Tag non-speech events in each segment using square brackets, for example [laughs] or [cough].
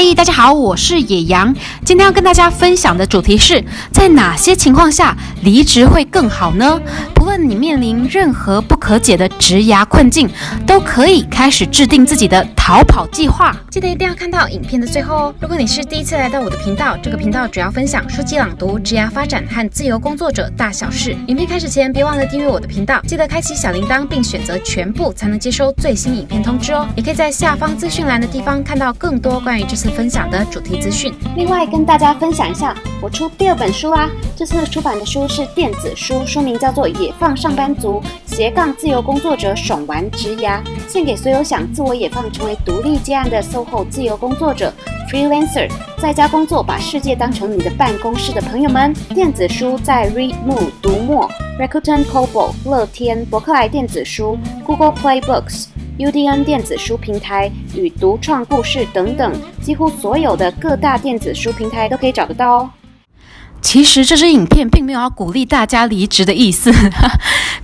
嗨，hey, 大家好，我是野羊。今天要跟大家分享的主題是在哪些情況下離職會更好呢？不論你面臨任何不和解的職涯困境，都可以開始訂製自己的逃跑計劃。記得一定要看到影片的最後哦！如果你是第一次來到我的頻道，這個頻道主要分享書籍朗讀、職涯發展和自由工作者大小事。影片開始前，別忘了訂閱我的頻道，記得開啟小鈴鐺並選擇全部，才能接收最新影片通知哦。也可以在下方資訊欄的地方看到更多關於這次分享的主題資訊。另外，跟大家分享一下，我出第二本書啊！這次出版的書是電子書，書名叫做《野放上班族斜槓》。自由工作者爽玩職涯，獻給所有想自我解放、成為獨立接案的 SOHO 自由工作者 （freelancer），在家工作、把世界當成你的辦公室的朋友們。電子書在 Readmoo 讀墨、Rakuten Kobo 樂天、博客來電子書、Google Play Books、UDN 電子書平台與獨創故事等等，幾乎所有的各大電子書平台都可以找得到哦。其實這支影片並沒有要鼓勵大家離職的意思。 [laughs]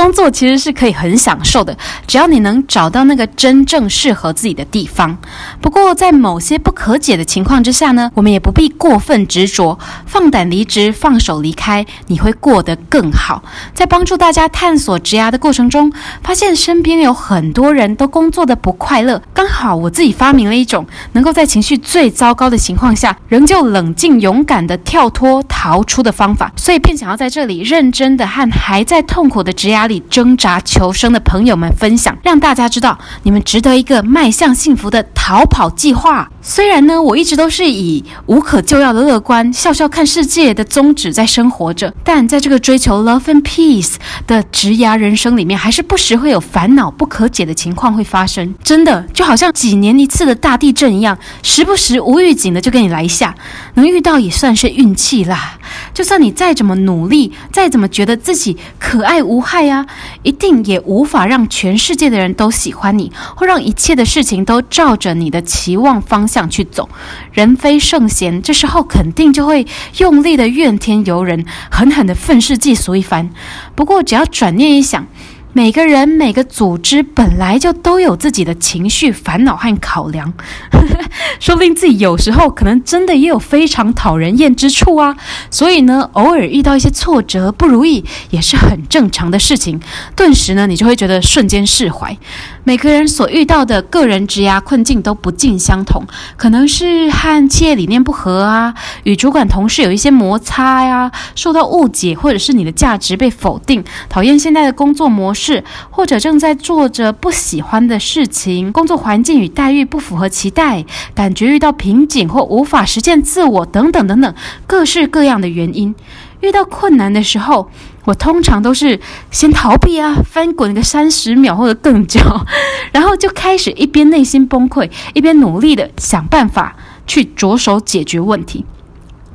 工作其實是可以很享受的，只要你能找到那個真正適合自己的地方。不過，在某些不可解的情況之下呢，我們也不必過分執着，放膽離職，放手離開，你會過得更好。在幫助大家探索職涯的過程中，發現身邊有很多人都工作的不快樂。剛好我自己發明了一種能夠在情緒最糟糕的情況下，仍舊冷靜勇敢地跳脫逃出的方法，所以便想要在這裡認真的和還在痛苦的職涯。裡掙扎求生的朋友們分享，讓大家知道你們值得一個邁向幸福的逃跑計劃。雖然呢，我一直都是以無可救藥的樂觀、笑笑看世界的宗旨在生活着，但在這個追求 love and peace 的職涯人生裡面，還是不時會有煩惱不可解的情況會發生。真的，就好像幾年一次的大地震一樣，時不時無預警的就給你來一下。能遇到也算是運氣啦。就算你再怎麼努力，再怎麼覺得自己可愛無害啊，一定也無法讓全世界的人都喜歡你，或讓一切的事情都照着你的期望方向。想去走，人非聖賢，這時候肯定就會用力的怨天尤人，狠狠的憤世嫉俗一番。不過，只要轉念一想，每個人每個組織本來就都有自己的情緒、煩惱和考量， [laughs] 說不定自己有時候可能真的也有非常討人厭之處啊。所以呢，偶爾遇到一些挫折、不如意也是很正常的事情，頓時呢，你就會覺得瞬間釋懷。每個人所遇到的個人職涯困境都不盡相同，可能是和企業理念不合啊，與主管同事有一些摩擦呀、啊，受到誤解，或者是你的價值被否定，討厭現在的工作模式，或者正在做着不喜歡的事情，工作環境與待遇不符合期待，感覺遇到瓶頸或無法實現自我等等等等，各式各樣的原因，遇到困難的時候，我通常都是先逃避啊，翻滾個三十秒或者更久，然後就開始一邊內心崩潰，一邊努力地想辦法去着手解決問題。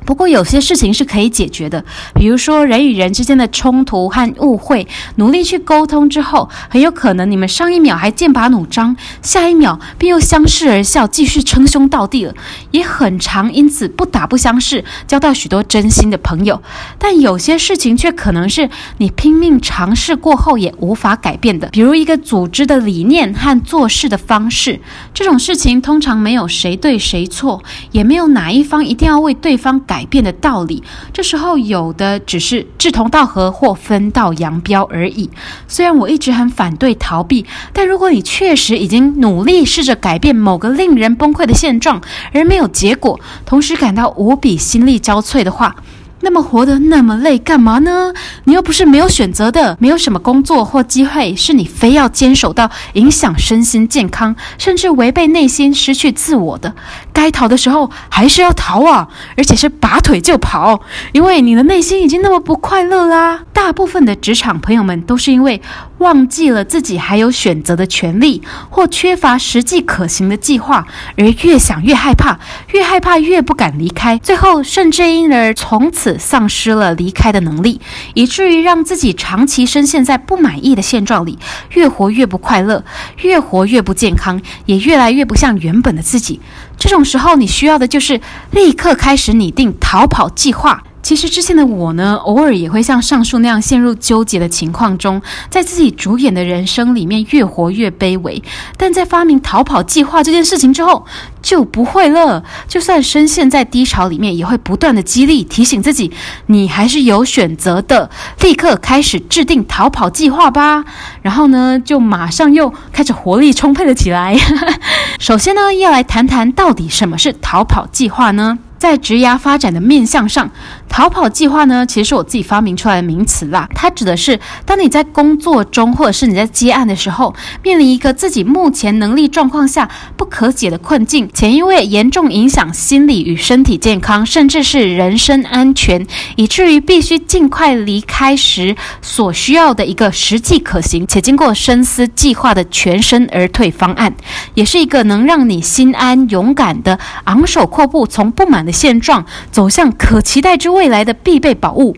不過有些事情是可以解決的，比如說人與人之間的衝突和誤會，努力去溝通之後，很有可能你們上一秒還劍拔弩張，下一秒便又相視而笑，繼續稱兄道弟了。也很常因此不打不相識，交到許多真心的朋友。但有些事情卻可能是你拼命嘗試過後也無法改變的，比如一個組織的理念和做事的方式。這種事情通常沒有誰對誰錯，也沒有哪一方一定要為對方改。改變的道理，這時候有的只是志同道合或分道揚鑣而已。雖然我一直很反對逃避，但如果你確實已經努力試着改變某個令人崩潰的現狀，而沒有結果，同時感到無比心力交瘁的話，那麼活得那麼累，幹嘛呢？你又不是沒有選擇的，沒有什麼工作或機會是你非要堅守到影響身心健康，甚至違背內心、失去自我的。該逃的時候還是要逃啊，而且是拔腿就跑，因為你的內心已經那麼不快樂啦。大部分的職場朋友們都是因為忘記了自己還有選擇的權利，或缺乏實際可行的計劃，而越想越害怕，越害怕越不敢離開，最後甚至因而從此喪失了離開的能力，以至於讓自己長期深陷在不滿意的現狀裡，越活越不快樂，越活越不健康，也越來越不像原本的自己。這種時候，你需要的就是立刻開始擬定逃跑計劃。其實之前的我呢，偶爾也會像上述那樣陷入糾結的情況中，在自己主演的人生裡面越活越卑微。但在發明逃跑計劃這件事情之後，就不會了。就算深陷在低潮裡面，也會不斷的激勵提醒自己，你還是有選擇的。立刻開始制定逃跑計劃吧。然後呢，就馬上又開始活力充沛了起來。 [laughs] 首先呢，要來談談到底什麼是逃跑計劃呢？在職涯發展的面向上。逃跑計劃呢，其實是我自己發明出來的名詞啦。它指的是當你在工作中或者是你在接案的時候，面臨一個自己目前能力狀況下不可解的困境，且因為嚴重影響心理與身體健康，甚至是人身安全，以至於必須儘快離開時，所需要的一個實際可行且經過深思計劃的全身而退方案，也是一個能讓你心安、勇敢的昂首闊步，從不滿的現狀走向可期待之位。未來的必備寶物。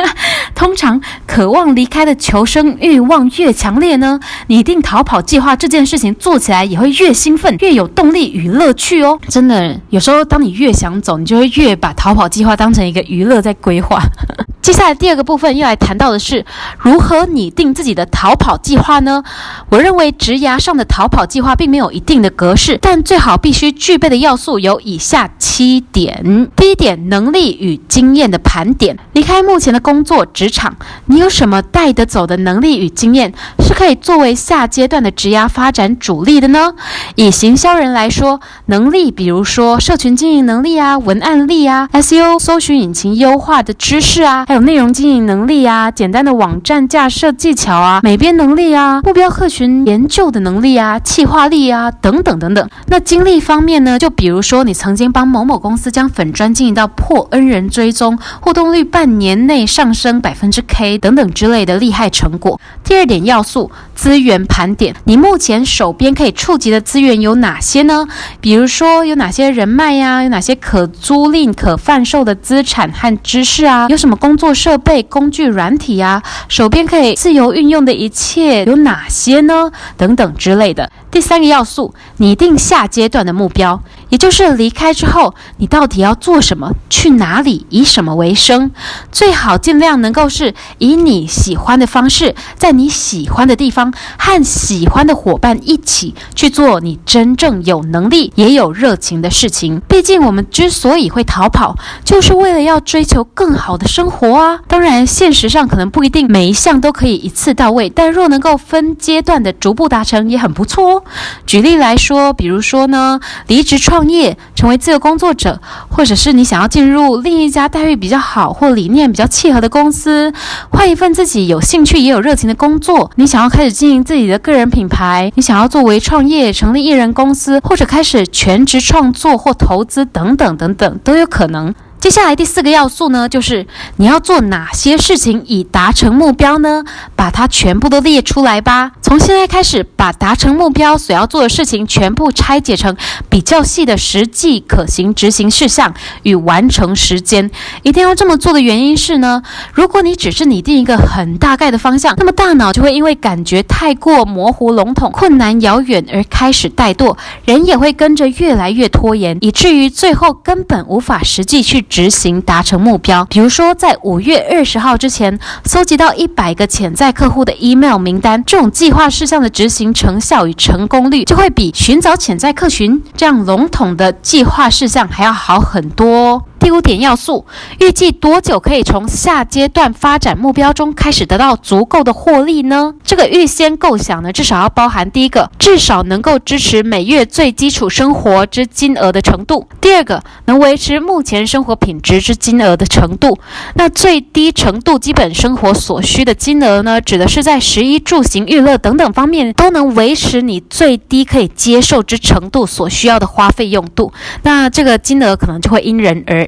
[laughs] 通常，渴望離開的求生欲望越強烈呢，擬定逃跑計劃這件事情做起來也會越興奮，越有動力與樂趣哦。真的，有時候當你越想走，你就會越把逃跑計劃當成一個娛樂在規劃。 [laughs] 接下來第二個部分要來談到的是，如何擬定自己的逃跑計劃呢？我認為職涯上的逃跑計劃並沒有一定的格式，但最好必須具備的要素有以下七點。第一點，能力與經驗。的盤點，離開目前的工作職場，你有什麼帶得走的能力與經驗，是可以作為下階段的職涯發展主力的呢？以行銷人來說，能力比如說社群經營能力啊、文案力啊、SEO 搜尋引擎優化的知識啊、還有內容經營能力啊、簡單的網站架設技巧啊、美編能力啊、目標客群研究的能力啊、企劃力啊等等等等。那經歷方面呢，就比如說你曾經幫某某公司將粉專經營到破 N 人追蹤。中互動率半年內上升百分之 K 等等之類的厲害成果。第二點要素資源盤點，你目前手邊可以觸及的資源有哪些呢？比如說有哪些人脈呀、啊，有哪些可租賃、可販售的資產和知識啊？有什麼工作設備、工具、軟體呀、啊？手邊可以自由運用的一切有哪些呢？等等之類的。第三個要素，擬定下階段的目標。也就是離開之後，你到底要做什麼？去哪裡？以什麼為生？最好盡量能夠是以你喜歡的方式，在你喜歡的地方和喜歡的夥伴一起去做你真正有能力也有熱情的事情。畢竟我們之所以會逃跑，就是為了要追求更好的生活啊！當然，現實上可能不一定每一項都可以一次到位，但若能夠分階段的逐步達成，也很不錯哦。舉例來說，比如說呢，離職創業，創業，成為自由工作者，或者是你想要進入另一家待遇比較好或理念比較契合的公司，換一份自己有興趣也有熱情的工作；你想要開始經營自己的個人品牌，你想要作為創業成立一人公司，或者開始全職創作或投資等等等等，都有可能。接下來第四個要素呢，就是你要做哪些事情以達成目標呢？把它全部都列出來吧。從現在開始，把達成目標所要做的事情全部拆解成比較細的實際可行執行事項與完成時間。一定要這麼做的原因是呢，如果你只是擬定一個很大概的方向，那麼大腦就會因為感覺太過模糊籠統、困難遙遠而開始怠惰，人也會跟着越來越拖延，以至於最後根本無法實際去。執行達成目標，比如說在五月二十號之前蒐集到一百個潛在客戶的 email 名單，這種計劃事項的執行成效與成功率，就會比尋找潛在客群這樣籠統的計劃事項還要好很多哦。第五點要素，預計多久可以從下階段發展目標中開始得到足夠的獲利呢？這個預先構想呢，至少要包含第一個，至少能夠支持每月最基礎生活之金額的程度；第二個，能維持目前生活品質之金額的程度。那最低程度基本生活所需的金額呢，指的是在食衣住行娛樂等等方面都能維持你最低可以接受之程度所需要的花費用度。那這個金額可能就會因人而異。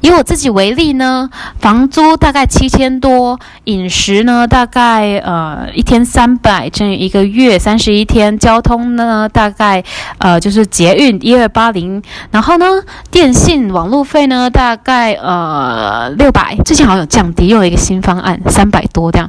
以我自己為例呢，房租大概七千多，飲食呢大概呃一天三百，乘以一個月三十一天，交通呢大概呃就是捷運一二八零，然後呢電信網路費呢大概呃六百，600，最近好像有降低，用了一個新方案三百多這樣，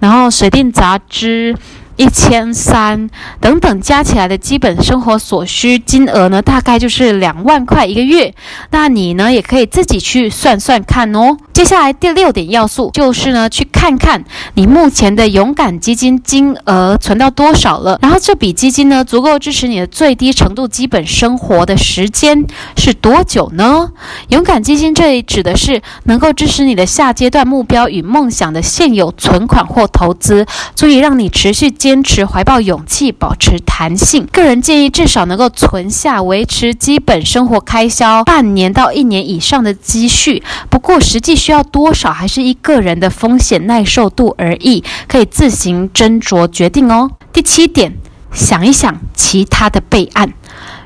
然後水電雜支。一千三等等加起來的基本生活所需金額呢，大概就是兩萬塊一個月。那你呢，也可以自己去算算看哦。接下來第六點要素就是呢，去看看你目前的勇敢基金金額存到多少了，然後這筆基金呢，足夠支持你的最低程度基本生活的時間是多久呢？勇敢基金這裡指的是能夠支持你的下階段目標與夢想的現有存款或投資，足以讓你持續接。堅持懷抱勇氣，保持彈性。個人建議至少能夠存下維持基本生活開銷半年到一年以上的積蓄。不過實際需要多少，還是依個人的風險耐受度而異，可以自行斟酌決定哦。第七點，想一想其他的備案。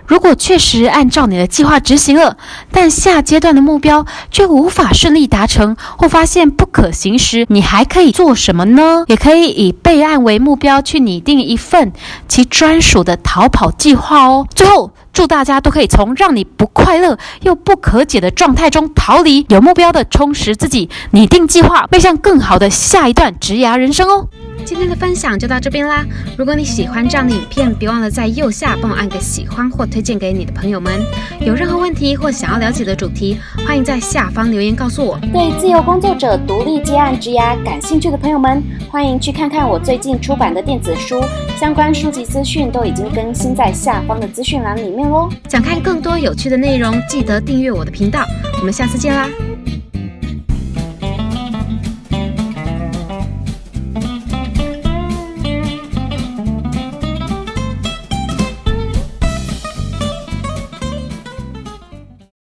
如果確實按照你的計劃執行了，但下階段的目標卻無法順利達成，或發現不可行時，你還可以做什麼呢？也可以以備案為目標去擬定一份其專屬的逃跑計劃哦。最後，祝大家都可以從讓你不快樂又不可解的狀態中逃離，有目標的充實自己，擬定計劃，邁向更好的下一段職涯人生哦。今天的分享就到這邊啦！如果你喜歡這樣的影片，別忘了在右下幫我按個喜歡或推薦給你的朋友們。有任何問題或想要了解的主題，歡迎在下方留言告訴我。對自由工作者獨立接案職涯感興趣的朋友們，歡迎去看看我最近出版的電子書，相關書籍資訊都已經更新在下方的資訊欄裡面嘍。想看更多有趣的內容，記得訂閱我的頻道。我們下次見啦！